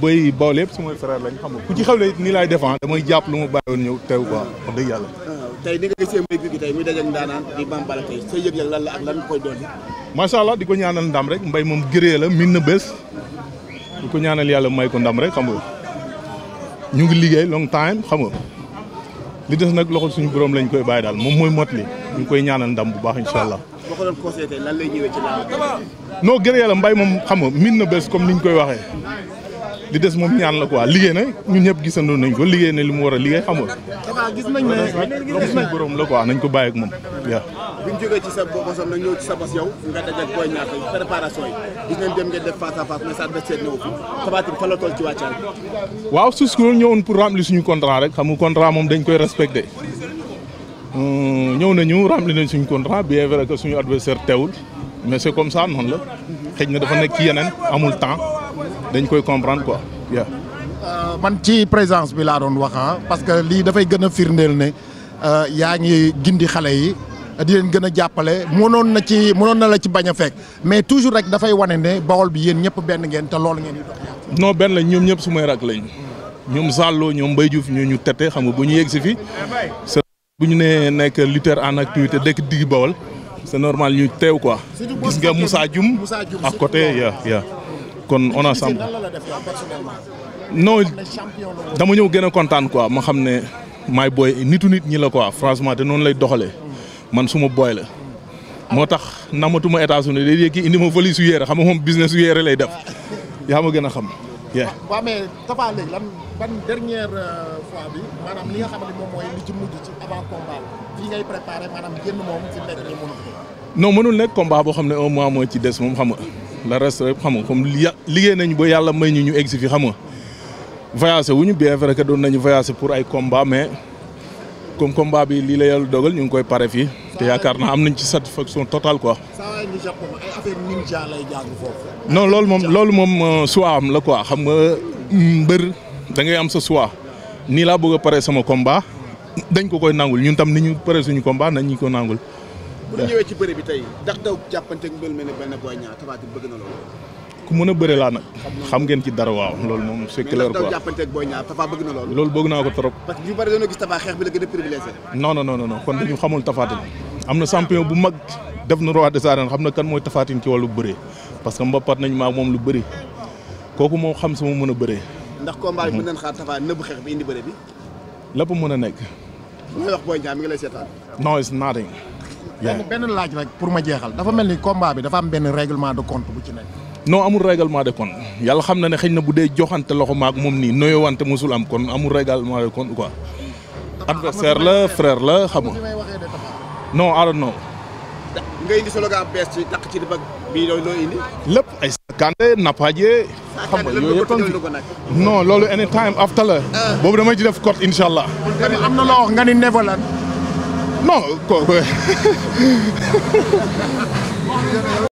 bëy Bawol yëpp sumay frère lañ xam nga ku ci xewle it nii laay défend damay jàpp lu ma bàyyoon ñëw teew quoi wax dëgg yàlla ah, tey tey muy dajeeg ndaanaan di bambala lan la ak lan koy doon macha allah di ko ñaanal ndam rek mbay moom gëree la min na bés di ko ñaanal yàlla may ndam rek xam nga ñu ngi liggéey long time xam nga li des nag loxo suñu borom lañ koy bàyyi daal moom mooy mot li ñu koy ñaanal ndam bu baax incha allah boo ko doon conseillé tey la mbay moom xam nga min na bés comme niñ koy waxee li des moom ñaan la quoi liggéey na ñun ñëpp gisandoo nañ ko liggéey na li mu war a liggéey nañ ne loolu suñu borom la quoi nañ ko bàyyi ak moom waaw. bi ñu jógee ci sa sa bos yow nga dajag booy ñaata préparation yi gis nañ dem ngeen def face ci wàccaay. waaw suuf si loolu ñëwoon pour remplir suñu contrat rek xam nga contrat moom dañ koy respecté ñëw nañu remplir nañ suñu contrat bien vrai que suñu adversaire teewul mais c'est comme sa noonu la xëy na dafa nekk ci yeneen amul temps dañ koy comprendre quoi yeah. Euh, man ci présence bi laa doon wax ah, parce que lii dafay gën a firndeel ne euh, yaa ngi gindi xale yi di leen gën a jàppale mënoon na ci mënoon na la ci bañ a fekk mais toujours rek dafay wane ne Bawol bi yéen ñëpp benn ngeen te loolu ngeen di benn lañ ñoom ñëpp su may rak lañ ñoom Zallo ñoom Mbaye Diouf ñoo ñu tete xam nga bu ñu yegg si fi bu ñu nee nekk lutteur en activité dëkk digg Bawol c'est normal ñu teew quoi. gis nga Moussa Dioum à côté kon on ensemble dama ñëw gën a kontaan quoi ma xam ne may booy nitu nit ñi la quoi franchement te noonu lay doxale man suma booy la moo tax namatuma États-Unis day yéegi indi ma valise su yére xam nga moom business su yére lay def yaa ma gën a xam. waaw mais Tapha léegi lan ban dernière euh, ne mënul. nekk combat boo xam ne un mois moo ci des moom xam la reste yëpp xam nga comme liggéey nañu ba yàlla may ñu ñu egg si fi xam nga voyagé wu ñu bien vrai que doon nañu voyagé pour ay combat mais comme combat bi lii la yàlla dogal ñu ngi koy pare fii te yaakaar naa am nañ ci satisfaction totale ko non loolu moom loolu moom euh, choix am la quoi xam nga mm, mbër da ngay am sa choix nii laa bëgg a pare sama combat dañ ko koy nangul ñun tam ni ñu pare suñu combat nañ ñu ko nangul. bu ñu ñëwee ci bëre bi tey ndax daw jàppante ak na loolu. ku mën a bëre laa nag. ci dara waaw loolu moom c'est clair quoi. mais ndax daw jàppante ak booy ñaar Tapha bëgg na loolu. naa ko trop. parce bari dañoo gis Tapha xeex bi la gën a privilégié. non non non kon dañu xamul Tapha am na champion bu mag def na roi des arènes xam na kan mooy Tapha Tine ci lu bëre parce que mbapat nañu maag moom lu bëri kooku moom xam sama mën a bëre ndax combat bi mën mhm. nañ xaar Tapha nëbb xeex bi indi bëre bi. lépp mën a nekk. li may wax booy ñaar mi ngi lay seetaan. non it's benn laaj rek pour ma jeexal dafa mel ni combat bi dafa am benn règlement de compte bu ci nekk. non amul règlement de compte yàlla xam na ne xëy na bu dee joxante loxo maak moom nii noyowante musul am kon amul règlement de compte quoi. la frère la xam nga. non I don't know. nga indi lépp ay sakande nappaaje. xam nga yooyu yëpp loolu anytime after la. Ah. boobu damay ci def court incha allah. am na loo nga ni never non kooku